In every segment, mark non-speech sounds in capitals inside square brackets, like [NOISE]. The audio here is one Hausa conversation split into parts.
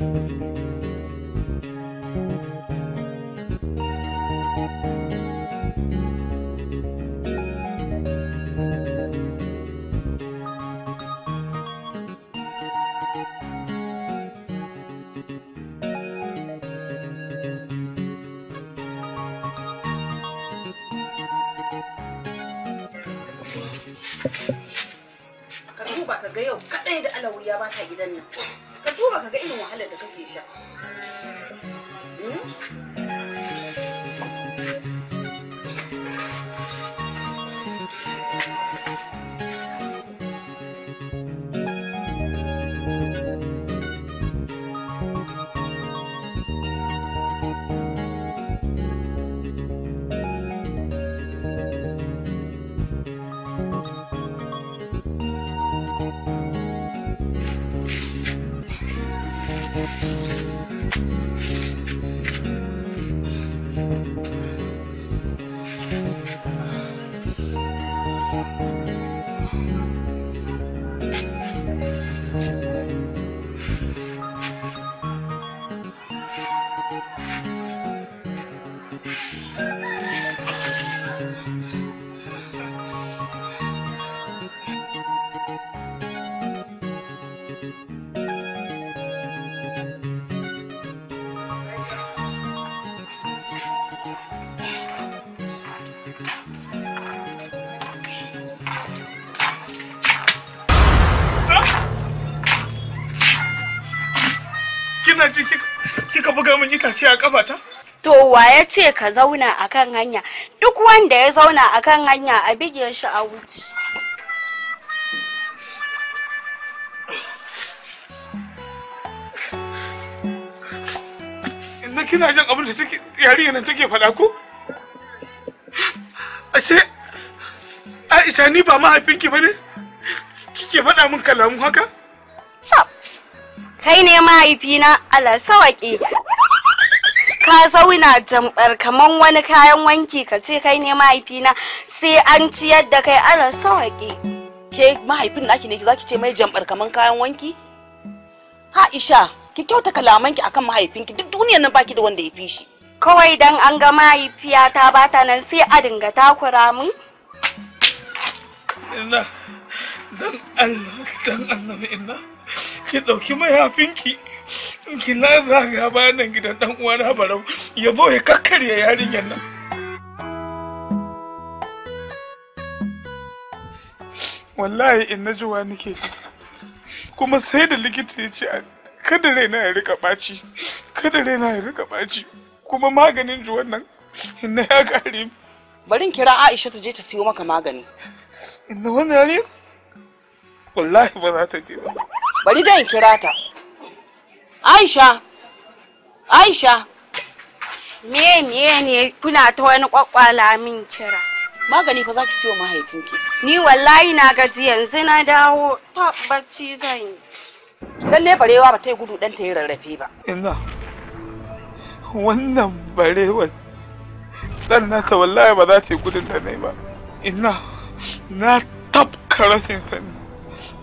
ka duba ka ga yau kaɗai da alawuya ba ta gidan nan baka ga irin wahalar da kake 哎。mun yi kace a kafata to wa ya ce ka zauna akan hanya duk wanda ya zauna akan hanya a bige shi a wuce yanzu kina jin abin da take yarinya nan take faɗa ko ashe Aisha ni ba mahaifinki ba ne kike faɗa min kalamu haka kai ne mahaifina ala sawaƙe ka zauna jambar kaman wani kayan wanki ka ce kai ne mahaifina sai an ciyar da kai ara sawaƙe ke mahaifin naki ne ki ce mai jambar kaman kayan wanki Aisha ki kyauta kalamanki akan mahaifinki duk duniyar nan baki da wanda ya fi shi kawai dan an ga mahaifiyata ta bata nan sai a dinga takura mun inna dan Allah dan Allah inna ki dauki mahaifinki ki lazaga bayan nan gidan dan uwana barau ya zo ya kakkarya yarinyar nan wallahi in na jiwa nake kuma sai da likita ya ce kada raina ya rika ɓaci kada raina ya rika ɓaci kuma maganin ji wannan inna ya kare bari in kira Aisha ta je ta siyo maka magani inna wannan yarinya wallahi ba za ta je ba bari dai kira ta Aisha, Aisha, me me ne kuna ta wani kwakwala min kira. Magani fa za ki ciwo mahaifinki. Ni wallahi na gaji yanzu na dawo ta bacci zan yi. Lalle barewa ba ta yi gudu dan ta yi rarrafe ba. Ina. Wannan barewa dan nata wallahi ba za ta yi gudun da nai ba. Ina na tafka rasin sani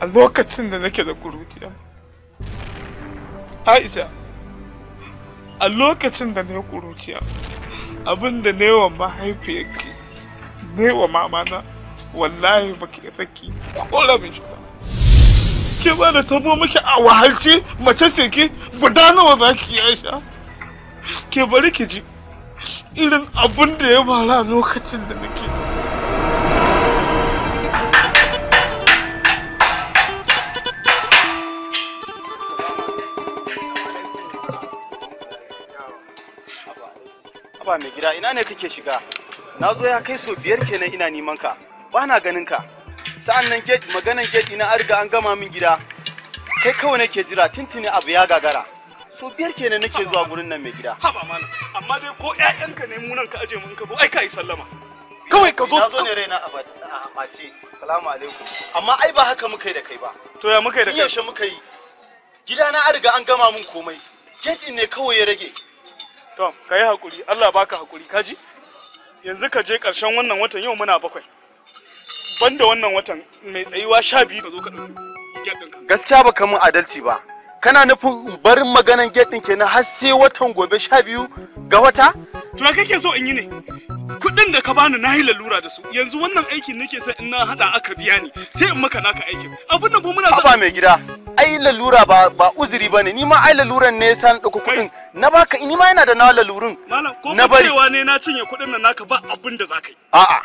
a lokacin da nake da gurutiya. Aisha, a lokacin da na yi ƙuruciya, abin da ne wa mahaifiyarki, ne wa mamana, wallahi ba ki saki ko rabin shi ba. Ke ba da tabo miki a wahalci mace ce ki guda nawa za ki yi Aisha. Ke bari ki ji irin abin da ya fara lokacin da nake. Aba mai gida ina ne kake shiga? Na zo ya kai so biyar kenan ina neman ka. Ba na ganin ka. Sa'an nan gate maganan gate ina an riga an gama min gida. Kai kawai nake jira tintini abu ya gagara. So biyar kenan nake zuwa gurin nan mai gida. Haba malam, amma dai ko ƴaƴanka ne mu nan ka aje mun ka bo ai ka yi sallama. Kawai ka zo. Na zo ne raina a ɓace. Salamu alaikum. Amma ai ba haka muka yi da kai ba. To ya muka yi da kai? Yaushe muka yi? na an riga an gama min komai. Gate ne kawai ya rage. to ka yi haƙuri Allah baka haƙuri kaji yanzu ka je ƙarshen wannan watan yau muna bakwai banda wannan watan mai tsayuwa sha biyu ka zo ka gaskiya ba mun adalci ba kana nufin barin maganan gate ɗin kenan har sai watan gobe sha biyu ga wata to kake so in yi ne kuɗin da ka bani na yi lalura da su yanzu wannan aikin nake sai in na hada aka biya ni sai in maka naka aikin abin nan muna ba mai gida ai lalura ba ba uzuri bane ni ma ai laluran ne san ɗauko kuɗin na baka ni ma yana da na lalurun malam ko na bari ne na cinye kuɗin nan naka ba abin da zaka yi a'a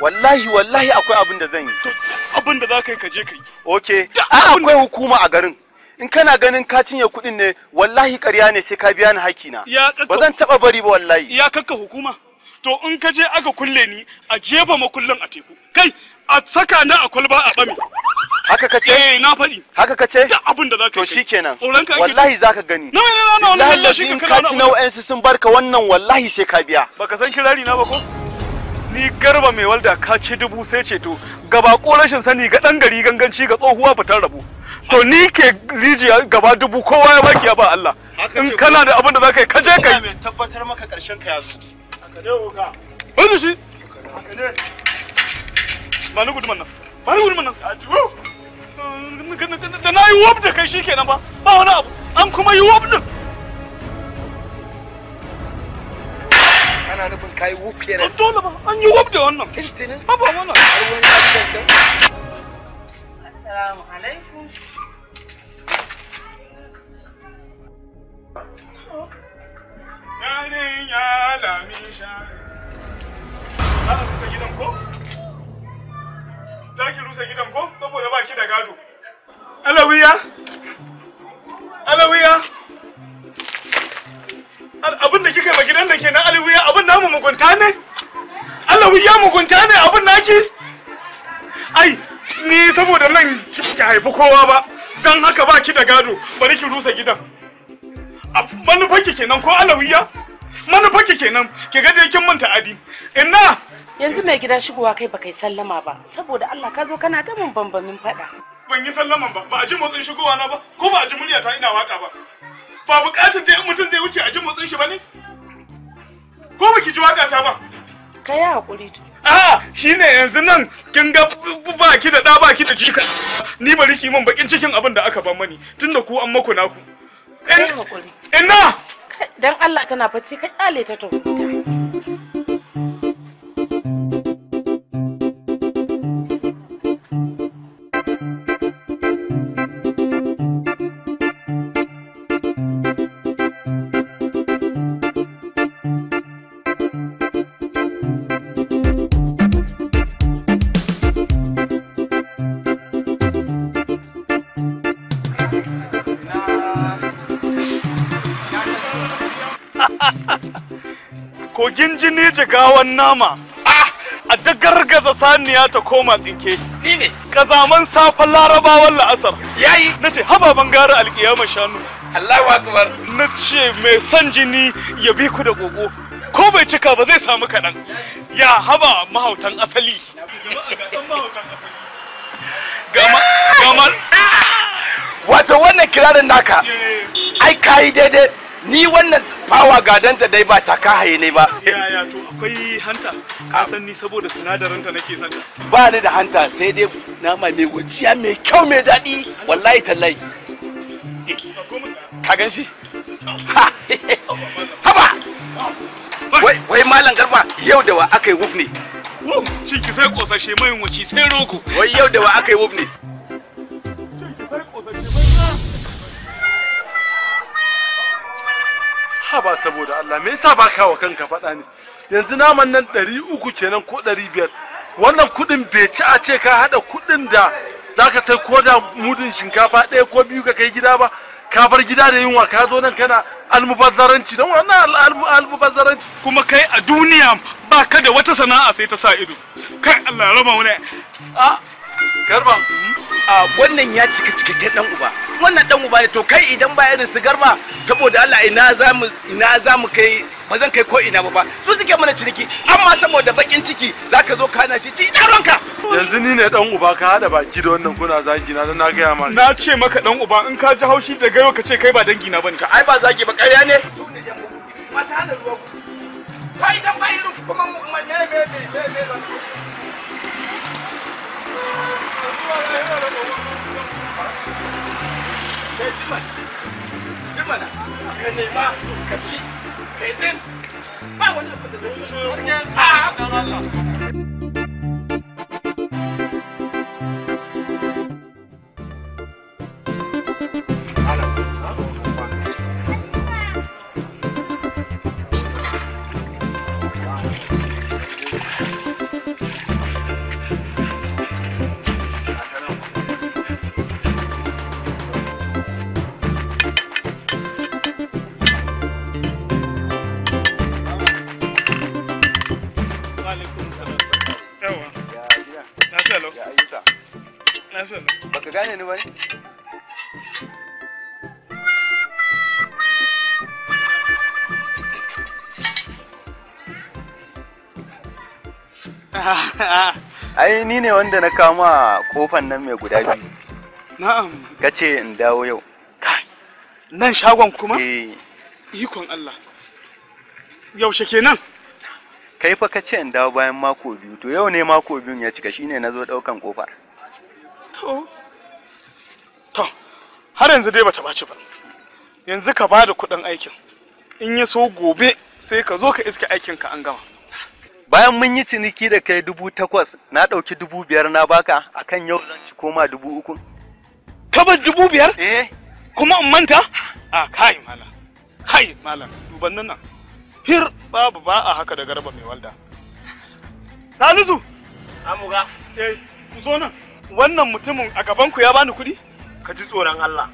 wallahi wallahi akwai abin da zan yi abin da zaka yi ka je ka yi okay a'a akwai hukuma a garin in kana ganin ka cinye kuɗin ne wallahi ƙarya ne sai ka biya ni hakina ba zan taɓa bari ba wallahi iya kakka hukuma to in ka je aka kulle ni a jefa makullin a teku kai a saka na a kwalba a bame haka ce? eh na faɗi haka ka ce? da abin da zaka to shikenan wallahi zaka gani na na na wallahi Allah ka ci na su sun barka wannan wallahi sai ka biya baka san kirari na ba ko ni garba mai walda ka ce dubu sai ce to gaba ko rashin sani ga dan gari ganganci ga tsohuwa ba ta rabu to ni ke rijiya gaba dubu kowa ya baki ya ba Allah in kana da abin da zaka yi ka je kai tabbatar maka karshen ka ya zo ne shi. Ba ni nan. Ba ni gudun nan. Hm, da na yi da kai shi kenan ba. Ba wani abu. An kuma yi wob din. Ana nufin kayi kenan. Dole ba. An yi wob da wannan. Kintinin. Ba ba wannan. Assalamu alaikum. za a rusa gidan ko za ki rusa gidan ko saboda ba ki da gado gidan da namu naki ni saboda nan ki haifi kowa ba don haka ba ki da gado bari ki rusa gidan manufarki kenan ko alawiya manufa ki kenan ki ga dai kin manta adi inna yanzu mai gida shigowa kai baka yi sallama ba saboda Allah ka zo kana ta mun bambamin fada ban yi sallama ba ba a ji motsin shigowa na ba ko ba a ji murya ta ina waka ba ba bukatar dai mutum zai wuce a ji motsin shi bane ko baki ji waka ta ba ka yi hakuri to a shine yanzu nan kin ga baki da da baki da jika ni bari ki min bakin cikin abin da aka ban mani tunda ku an maku naku ina dan Allah tana fice ka kyale ta ta ruwan nama ah, a dagargaza saniya ta koma tsinke ni ne kazaman safan larabawan la'asar yayi na ce haba bangaren alkiyama shanu Allahu akbar na ce mai son jini ya bi ku da gogo ko bai cika ba zai samu kaɗan ya haba mahautan asali wato wannan kirarin naka ai kayi daidai ni wannan fawa gadanta dai ba ta kahaye ne ba yaya to akwai hanta ka ah. san ni saboda sinadarin ta nake son ba ni da hanta sai dai nama mai gujiya mai kyau mai daɗi wallahi tallahi eh, ka gan shi haba wai wai malam garba yau da wa aka yi wuf ne ciki sai kosashe mai wuci sai roko wai yau da wa aka yi wuf ne haba saboda Allah me yasa ba wa kanka faɗa ne yanzu naman nan ɗari uku kenan ko ɗari biyar wannan kuɗin bai ci a ce ka haɗa kuɗin da za ka sai ko da mudun shinkafa ɗaya ko biyu ka kai gida ba ka bar gida da yunwa ka zo nan kana almubazzaranci don wannan almubazzaranci kuma kai a duniya ba ka da wata sana'a sai ta sa ido kai Allah raba wani garba a wannan ya cika cikakken dan uba wannan dan uba ne to kai idan ba irin su garba saboda Allah ina za mu ina za mu kai ba zan kai ko ina ba ba su suke mana ciniki amma saboda bakin ciki zaka zo kana shi ci ina ranka yanzu ni ne dan uba ka hada baki da wannan kuna zagi na na gaya ma na ce maka dan uba in ka ji haushi da gayo ka ce kai ba dangi na bane ka ai ba zagi ba ƙarya ne ta da ruwa kai dan bai ruwa kuma mai mai mai mai mana ka nema ka ci ka yi zin ba wani abin da zai yi a haka Allah [LAUGHS] ai ni ne wanda na kama kofan nan mai guda biyu na'am ka ce in dawo yau nan shagon kuma eh ikon Allah yaushe kenan kai fa ka ce in dawo bayan mako biyu to yau ne mako biyun ya cika shine na zo daukan kofar to to har yanzu dai bata baci ba yanzu ka bada kuɗin aikin in ya so gobe sai ka zo ka iske aikinka an gama bayan mun yi ciniki da kai dubu takwas na ɗauki dubu biyar na baka akan yau zan ci koma dubu uku tabbas dubu biyar eh kuma in manta a kai malam kai malam duban nan hir babu ba a haka da garba mai walda salisu amuga eh ku zo nan wannan mutumin a gaban ku ya bani kuɗi ka ji tsoron Allah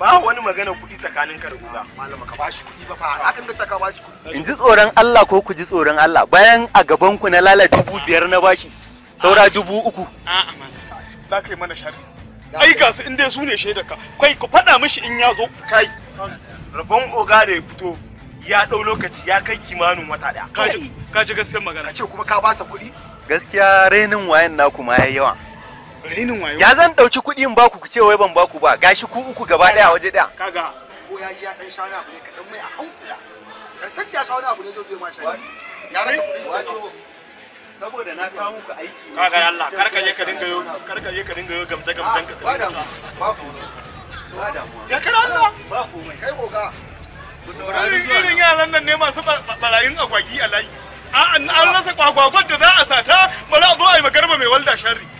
ba wani magana kuɗi tsakanin ka da kuga malama ka bashi kuɗi ba fa akan ga ka bashi kuɗi in ji tsoron Allah ko ku ji tsoron Allah bayan a gaban ku na lala dubu biyar na bashi saura dubu uku a'a za ka yi mana sharri ai ga su inda su ne shaida ka kai ku faɗa mishi in ya zo kai rabon oga da ya fito ya ɗau lokaci ya kai kimanin wata ɗaya kaji ji gaskiyar magana ka ce kuma ka ba sa kuɗi gaskiya renin wayan naku ma yayi yawa Ya zan dauki kuɗi in baku ku ce wai ban baku ba gashi ku uku gaba daya waje daya Kaga ko ya ji ya dan sha abu ne ka dan mai a hankula. Ka san ya sha abu ne zo biyo ma shari Ya rasa kuɗin wato saboda na kawo muku aiki. Kaga Allah kar ka je ka dinga yo kar ka je ka dinga yo gamta gamtan ka. Ba damuwa. Ba ba damuwa. Ya kar Allah. Ba komai kai ku koka. Irin yaran nan ne masu barayin agwagi a layi. An rasa kwagwagon da za a sata, bari a zo a yi magarba mai walda sharri.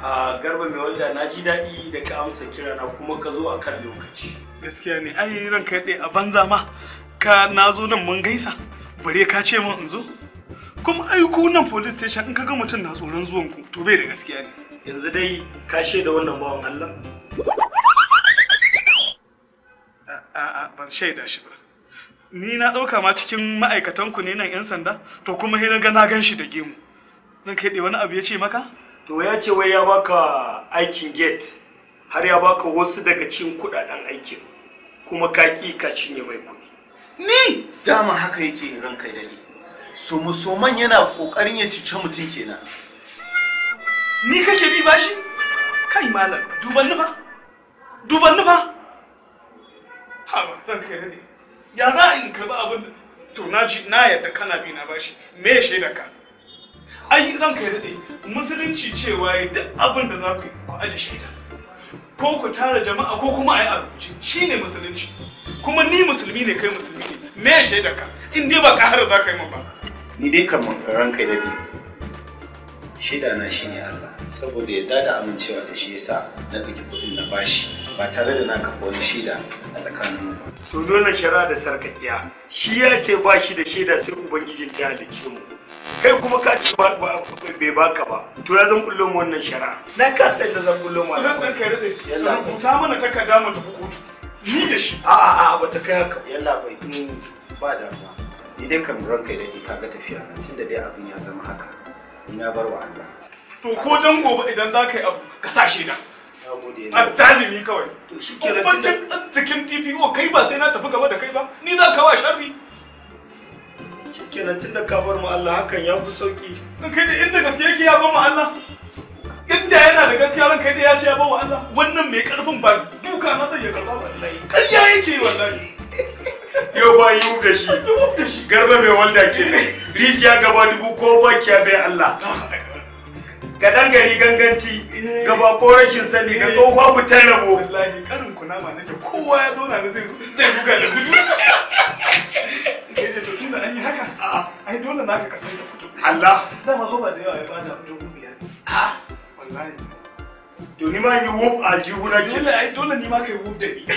a garba mai wanda na ji daɗi da ka amsa kira na kuma ka zo a kan lokaci gaskiya ne ai kai ɗaya a banza ma ka na zo nan mun gaisa bare ka ce min in zo kuma ai ku nan police station in ka ga mutum na tsoron zuwan ku to bai da gaskiya ne yanzu dai ka shaida wannan bawan Allah a'a ban shaida shi ba ni na ɗauka ma cikin ma'aikatanku ne nan 'yan sanda to kuma sai na ga na gan shi da gemu nan kai ɗaya wani abu ya ce maka to ya ce wai ya baka aikin gate har ya baka wasu daga cikin kudaden aikin kuma ka ki ka cinye mai kudi ni dama haka yake ranka da ni musoman yana kokarin ya cice mutum kenan ni kake bi bashi kai malam duban nufa duban nufa ha ba ranka da ni ya za a yi karɓi abin to na ji na yadda kana bi na bashi me shaidar ka ai ranka ya daɗe musulunci cewa ya duk abin da za ku yi ku aje shaida ko ku tara jama'a ko kuma a yi abuci shi ne musulunci kuma ni musulmi ne kai musulmi ne me ya shaida ka in dai ba ƙara za ka yi ba. ni dai kan ranka ya daɗe shaida na shi ne Allah saboda ya dada amincewa da shi yasa na ɗauki kuɗin na bashi ba tare da na kafa wani shaida a tsakanin mu ba. su nuna shari'a da sarkakiya shi ya ce ba shi da shaida sai ubangiji ya halicce mu. kai kuma ka ci ba bai baka ba to ya zan kullum wannan shara na ka sai da zan kullum wannan kan kai rade rubuta mana takarda mu tafi kotu ni da shi a a a ba ta kai haka yalla bai ba da ba ni dai kan kai da ni ga tafiya tunda dai abin ya zama haka ni na bar wa Allah to ko dan gobe idan za ka yi abu ka sa shi da a dalimi kawai to shi ke da TPO kai ba sai na tafi gaba da kai ba ni za ka wa sharri shikenan tun da ka bar mu Allah hakan ya fi sauki kai da inda gaske yake ya bar mu Allah inda yana da gaskiya ran kai da ya ce ya bar mu Allah wannan mai karfin ba duka na zai ya karba wallahi kariya yake wallahi [LAUGHS] yau ba yi da shi da shi garba mai wanda ke [LAUGHS] rijiya gaba dubu ko bakiya bai Allah Ka ah, dan gari ganganci eh. gaba ko rashin sani ga eh. tsohuwa ta rabo wallahi karin kunama nake kowa ya zo na zai zai buga da gudu [LAUGHS] lokacin da an yi haka a ai dole na ka kasar da fito Allah dama ko ba da yawa ya bada fito biyar a wallahi to ni ma yi whoop a jihuna ke dole ai dole ni ma kai whoop da ni [LAUGHS]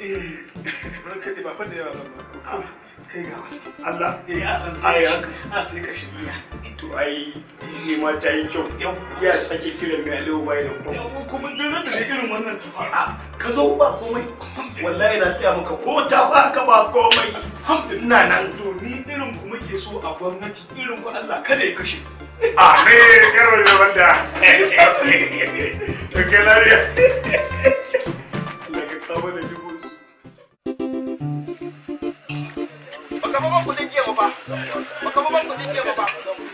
eh [LAUGHS] ba ka da yawa ba Allah ya yi akan sai ya a sai ka shirya to ai ni ma ta yi kyau ya sake kiran mai alewa bai da kuma kuma zai da irin wannan tafara ka zo ba komai wallahi na tsaya maka ko ta ba ka ba komai ina nan to ni irin kuma ke so a gwamnati irin ku Allah kada ya kashe amin karo da banda to kai lariya [LAUGHS] Allah ka kawo da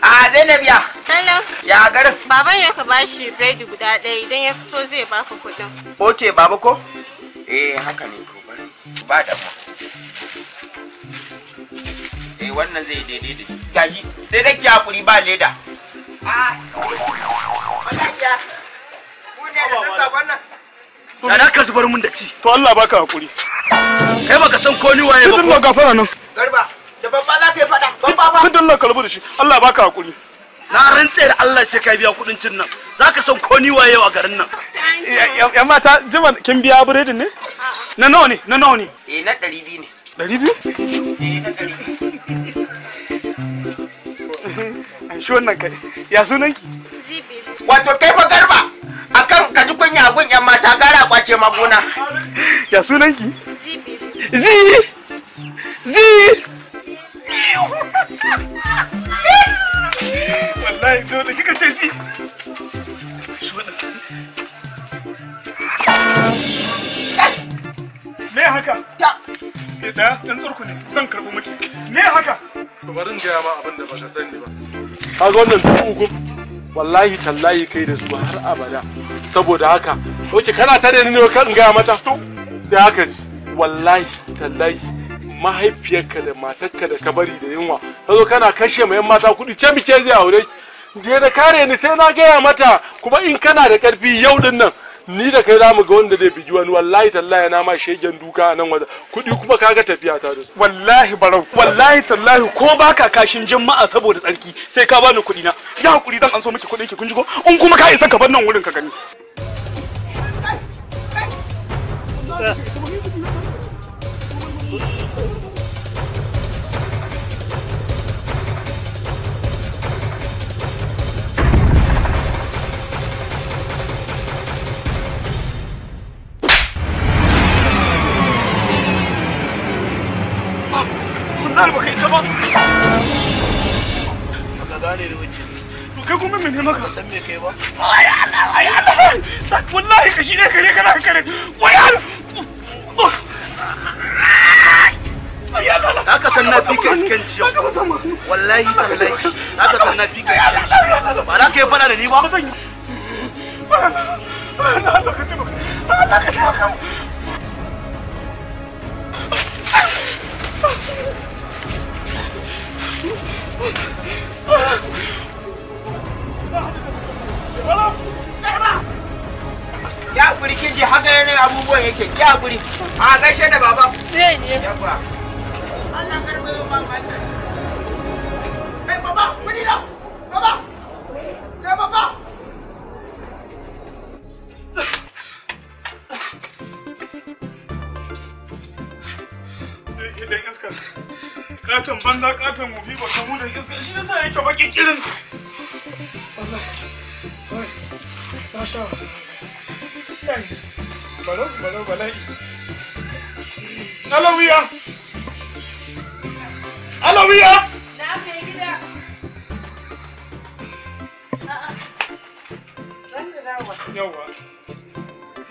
A Zainab ya. Hello. Ya garin. Baban ya ka bashi biredi guda ɗaya idan ya fito zai baka kuɗin. Ok baba ko? Eh haka ne ko bari. Ba da mu. Eh wannan zai daidai da gaji. Sai da ki hakuri ba leda. Ah. Malakiya. Ku ne da nasa wannan. Da na ka zubar mun da ci. To Allah baka hakuri. Kai baka san ko ni waye ba. Kin ba gafara nan. Garba. da babba za ka yi faɗa babba ba kudin nan kalbu da shi Allah baka hakuri na rantse da Allah sai ka biya kudin cin nan zaka san ko ni waye a garin nan ya mata jima kin biya biredin ne na nawa ne na nawa ne eh na 200 ne 200 eh na 200 [LAUGHS] shi wannan kai ya sunan ki wato kai fa garba akan ka ji kunya gun yan mata gara kwace magona [LAUGHS] ya sunan ki zi zi zi ɗaya ɗan tsarku ne zan karɓi miki ne haka to bari in gaya ma abin da baka sani ba kaga wannan dubu uku wallahi tallahi kai da su har abada saboda haka oke kana tare ni ne kan gaya mata to sai haka ji wallahi tallahi mahaifiyarka da matarka da ka bari da yunwa ta zo kana kashe ma yan mata kuɗi ce muke zai aure ki je da kare ni sai na gaya mata kuma in kana da ƙarfi yau din nan ni da kai za mu ga wanda zai bigi wani wallahi tallahi yana ma shegen duka a nan wajen kuɗi kuma kaga tafiya ta da wallahi barau wallahi tallahi ko baka kashin jama'a saboda tsarki sai ka bani kuɗi na ya hakuri zan an so miki kuɗin ki kun ji ko in kuma ka isa ka bar nan wurin ka gani wallahi tallahi za ka san ba za ka yi fada da ni ba Ya kuri kin je haka yanayin abubuwan yake, ya kuri, a gaishe da baba. Ne ne. Yabba. banza katon mu ba kamu da gaske shi yasa yake baki kirin masha Allah balo balo alawiya alawiya na yawa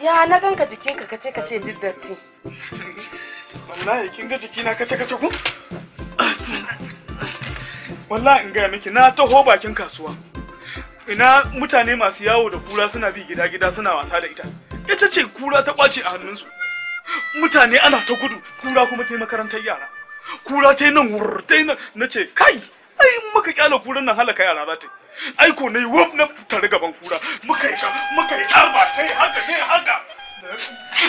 ya na ganka jikinka kace kace jiddatti wallahi kin ga jikina kace kace ku wallahi in gaya miki na taho bakin kasuwa ina mutane masu yawo da kura suna bi gida-gida suna wasa da ita ita ce kura ta kwace a hannunsu mutane ana ta gudu kura kuma ta yi makarantar yara kura ta yi nan wurr ta yi nan na ce kai ai in muka kyala kuran nan halaka yara za ta yi aiko na yi wab na tare gaban kura muka yi muka yi arba ta yi haka ne haka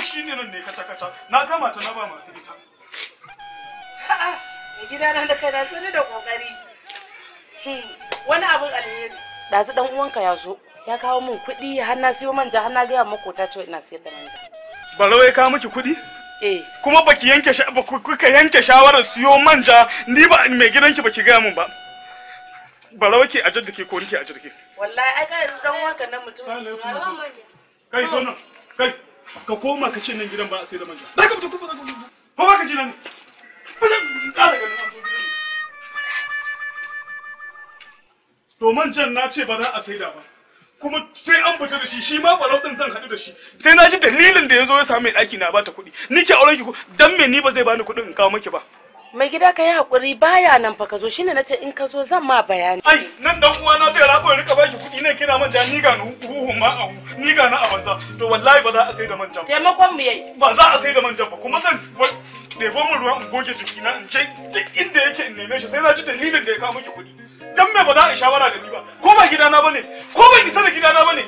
shi ne nan ne kaca-kaca na kama ta na ba masu ita. A'a, gida na da kai na sani da kokari. wani abin alheri ɗazu dan uwanka ya zo ya kawo min kuɗi har na siyo manja har na gaya makota cewa ina siyar da manja barawai ya kawo miki kuɗi Eh. kuma baki yanke ba kuka yanke shawarar siyo manja ni ba mai gidanki baki gaya min ba barawa ke a jaddake ko nike a jirgi wallahi ai kai dan wanka nan mutum kai zo nan kai ka koma ka ce nan gidan ba sai da manja za ka fita ko za ka fita ko ba ka ji nan ba za ka fita to jan na ce ba za a saida ba kuma sai an fita da shi shi ma farau din zan haɗu da shi sai na ji dalilin da ya zo ya samu mai ɗaki na bata kuɗi nike auren ki dan me ni ba zai bani kuɗin in kawo miki ba mai gida ka yi haƙuri baya nan fa ka zo shine nace in ka zo zan ma bayani ai nan dan uwa na zai rako rika baki kuɗi ne kina jan ni ga huhu ma a ni ga na a banza to wallahi ba za a sai da jan. taimakon mu yayi ba za a sai da jan ba kuma zan ɗebo min ruwan in goge jikina in je duk inda yake in neme shi sai na ji dalilin da ya kawo miki kuɗi dan me ba za a shawara da ni ba ko ba gidana bane ko ba isa da gidana bane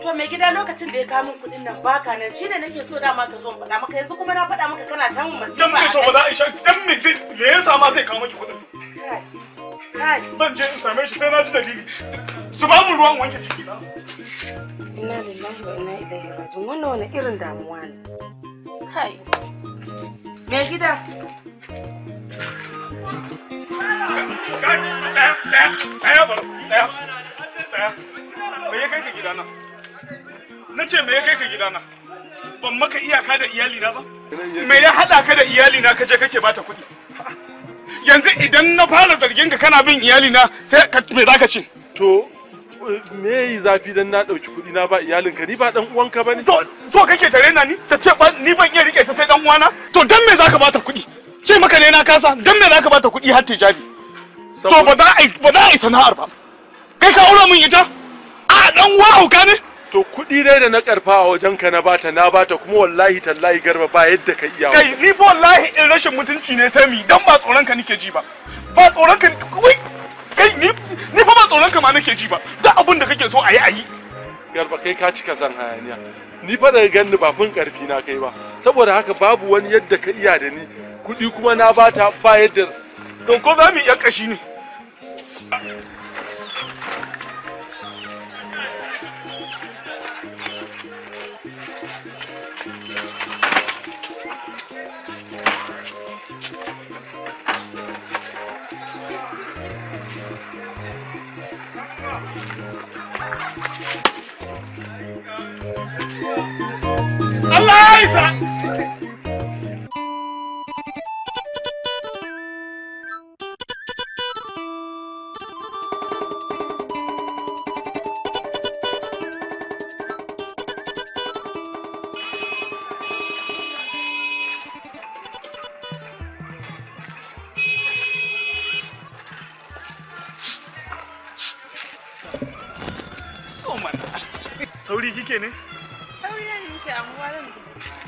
to mai gida lokacin da ya kawo min kuɗin nan baka nan shine nake so dama ka zo faɗa maka yanzu kuma na faɗa maka kana ta mun masifa dan me to ba za a shawara dan me me yasa ma zai kawo miki kuɗin kai ban je in same shi sai na ji dalili su ba mu ruwan wanke jiki na inna lillahi wa inna ilaihi raji'un wannan wani irin damuwa ne kai mai gida Tsaya ba, Me ya kai ka gidana? Na ce me ya kai ka gidana? Ban maka iyaka da iyalina ba? Me ya haɗa ka da iyalina ka je kake bata kuɗi? Yanzu idan na fara zargin ka kana bin iyalina sai me za ka ce? To, me yi zafi dan na ɗauki kuɗi na ba iyalin ka ni ba dan uwanka ba ne? To, to kake tare na ni? Ta ce ni ban iya riƙe ta sai dan uwana? To dan me za ka bata kuɗi? ce maka ne na kasa dan me zaka bata kuɗi har tijabi to ba za a ba za a yi sana'ar ba kai ka aura min ita a dan uwa ka ne to kuɗi dai da na karfa a wajen ka na bata na bata kuma wallahi tallahi garba ba yadda ka iya kai ni fa wallahi in rashin mutunci ne sami dan ba tsoron ka nake ji ba ba tsoron ka wai kai ni ni fa ba tsoron ka ma nake ji ba duk abin da kake so a yi a yi garba kai ka cika zan hayaniya ni fa da ganni ba fin karfi na kai ba saboda haka babu wani yadda ka iya da ni kuɗi kuma na bata ba yadda don ko za mu yi kashi ne Allah ya isa! sauri kike ne sauri ne nake amma zan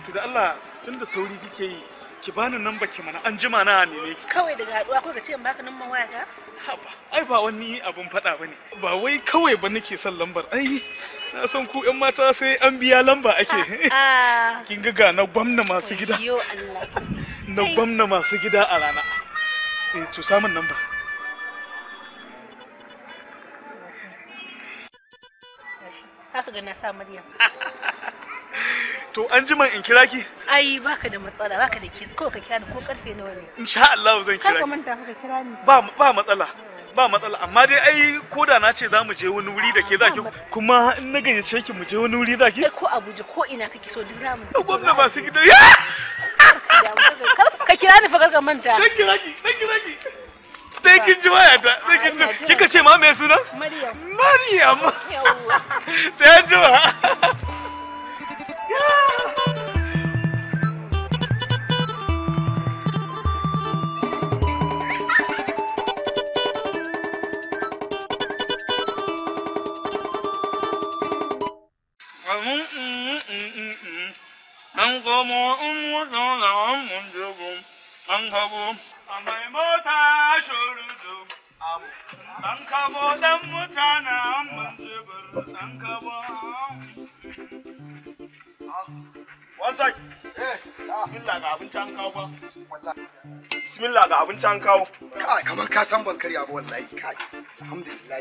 to da Allah tunda sauri kike yi ki bani nan baki mana an jima na neme ki kawai daga haduwa ko ka ce in baka nan waya ta haba ai ba wani abun fada bane ba wai kawai ba nake son lambar ai na san ku ƴan mata sai an biya lamba ake ah, ah. kin ga ga na gwamna masu gida yo Allah [LAUGHS] na gwamna masu gida a rana eh to samun lambar. sa Maryam. [LAUGHS] to an jima in kira ki ai baka da matsala baka da kes ko ka kira ni ko karfe nawa ne insha Allah zan kira ka manta ka kira ni ba ba matsala ba matsala amma dai ai ko da na ce zamu je wani wuri da ke zaki kuma in na gayyace ki mu je wani wuri zaki ko Abuja ko ina kake so duk zamu je gwamna ba su gidan ka kira ni fa ka manta dan kira ki dan kira ki dai kin ji wayata sai kin ji kika ce ma me suna maryam maryam sai an ji Ang kamo ang wala ang mundo ang habo mai mota shurudu dan kabo dan mutanen mun zubar dan kabo wasai bismillah ga abinci an kawo ba bismillah ga abinci an kawo kai kamar ka san ban karya ba wallahi kai alhamdulillah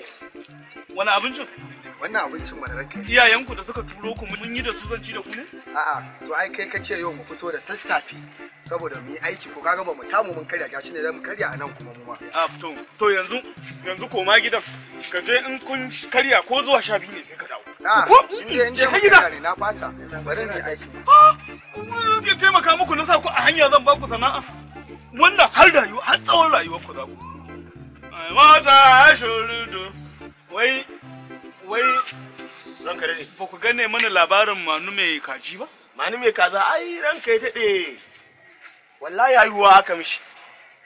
wani abincin wannan abincin mana ranka iyayenku da suka turo ku mun yi da su zan ci da ku ne a'a to ai kai ka ce yau mu fito da sassafe saboda mu yi aiki ko kaga ba mu samu mun karya gashi ne zamu mu karya a nan kuma mu ma a to to yanzu yanzu koma gidan ka je in kun karya ko zuwa sha biyu ne sai ka dawo ah, ko in je gida ne na fasa bari ni aiki ha ke taimaka muku na sa ku a hanya zan ba ku sana'a wannan har rayuwa har tsawon rayuwar ku za ku mata shurudu wai wai ranka ne. ba ku gane mana labarin manu mai kaji ba manu mai kaza ai ranka ya dade wallahi haihuwa aka mishi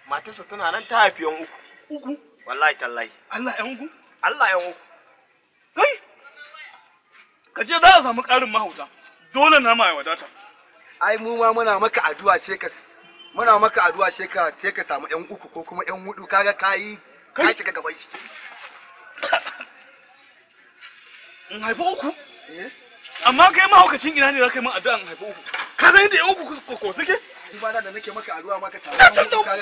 matarsa tana nan ta haifi yan uku uku wallahi tallahi Allah yan uku Allah yan uku kai ka je za a samu ƙarin mahauta dole na ma wadata ai mu ma muna maka addu'a sai ka muna maka addu'a sai ka sai ka samu yan uku ko kuma yan hudu kaga kai ka shiga gaban shi [COUGHS] in haifi uku eh? amma kai mahaukacin ina ne za ka yi min addu'a in haifi uku ka zai da yan uku ko suke duba na da nake maka ka dan to ta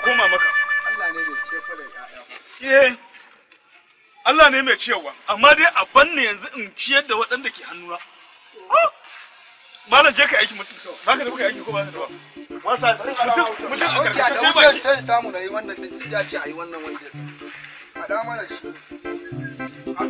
koma maka Allah ne mai eh Allah ne mai ciyarwa amma dai a banne yanzu in ciyar da waɗanda ke hannuna ah! malam je ka aiki mutum za ka da kai aiki ko ba ka tafi wasa mutum mutum a karkace sai ba sai samu na yi din ya ce a yi wannan a da mana shi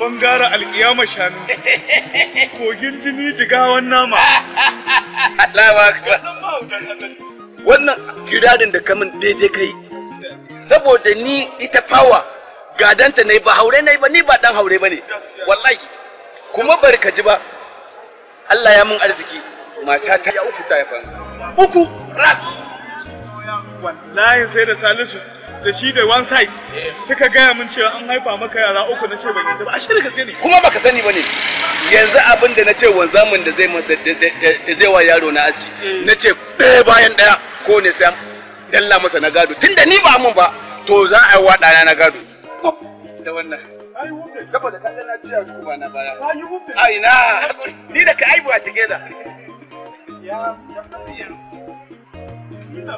bangara alkiyama shanu kogin jini jigawan nama ka wannan kiradin da kamun daidai kai saboda ni ita fawa gadanta ne ba haure ne ba ni ba dan haure ba ne wallahi kuma bari ka ji ba Allah ya mun arziki mata ta ya uku ta ya uku ras wallahi sai da salisu da shi da one side suka gaya min cewa an haifa maka yara uku na ce ban yadda ba a shirka sani kuma baka sani bane yanzu abin da na ce wa zamun da zai da zai wa yaro na aski na ce ɗaya bayan ɗaya ko ne sai dalla masa na gado tunda ni ba mun ba to za a yi wa ɗana na gado da wannan saboda ka ɗana jiya ba na baya wuce ai na ni da ka aibu a together ya ya ya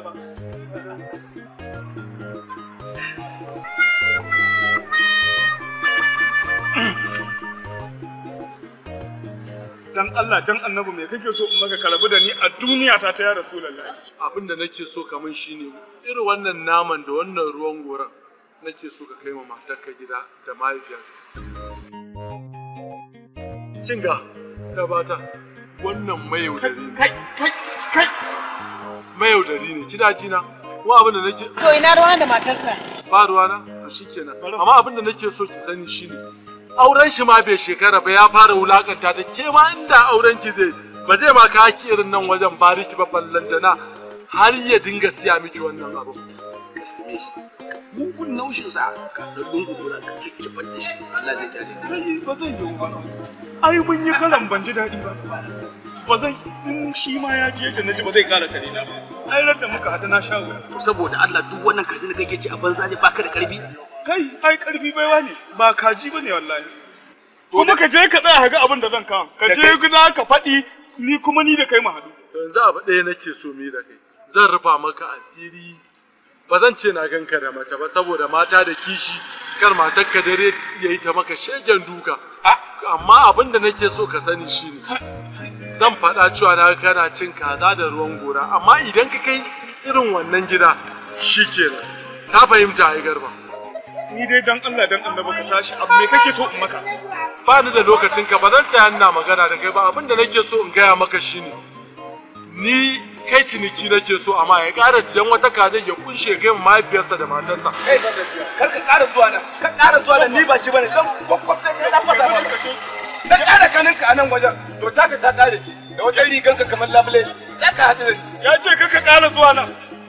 dan Allah dan annabi me kake so in maka karabu da ni a duniya ta ta ya rasulullahi abin da nake so kaman shine irin wannan naman da wannan ruwan goran nake so ka kai ma matarka gida da mahaifiyarka cinga da bata wannan mayaudari ne kai kai kai mayaudari ne kida jina ko abin da nake to ina ruwan da matarsa ba ruwana to shikenan amma abin da nake so ki sani shine auren shi ma bai shekara ba ya fara wulakanta da ke ma inda auren ki zai ba zai ma ka ki irin nan wajen ba riki ba ballantana har ya dinga siya miki wannan abu gaskiya mun kun naushin sa ka da lungu gura ka kikkibar da shi Allah zai kare ni ba zan yi ba ai mun yi kalan ban ji daɗi ba ba zai in shi ma ya je da naji ba zai kara kare na ba ai ran da muka hada na sha wuya saboda Allah duk wannan karshen da kake ci a banza ne baka da karbi kai ai karfi baiwa ne ba kaji ba ne wallahi kuma ka je ka tsaya ga abin da zan kawo ka je gida ka faɗi ni kuma ni da kai mu haɗu to yanzu abu ɗaya nake so mi da kai zan rufa maka asiri ba zan ce na ganka da mace ba saboda mata da kishi kar matar ka dare yayi ta maka shegen duka amma abin da nake so ka sani shine zan faɗa cewa na kana cin kaza da ruwan gora amma idan ka kai irin wannan gida shikenan ta fahimta ai garba ni dai dan Allah dan annabi ka tashi abu me kake so in maka ba ni da lokacin ka ba zan tsaya ina magana da kai ba abin da nake so in gaya maka shine ni kai ciniki nake so amma ya ƙara siyan wata kaza ya kunshe kai mahaifiyarsa da matarsa kai ba biya kar ka ƙara zuwa nan ka ƙara zuwa nan ni ba shi bane kan kwakwabta ne na fasa maka na ƙara kaninka a nan wajen to taka ta ƙare da wajen riganka kamar labule za ka haɗu da ya ce ka ka ƙara zuwa nan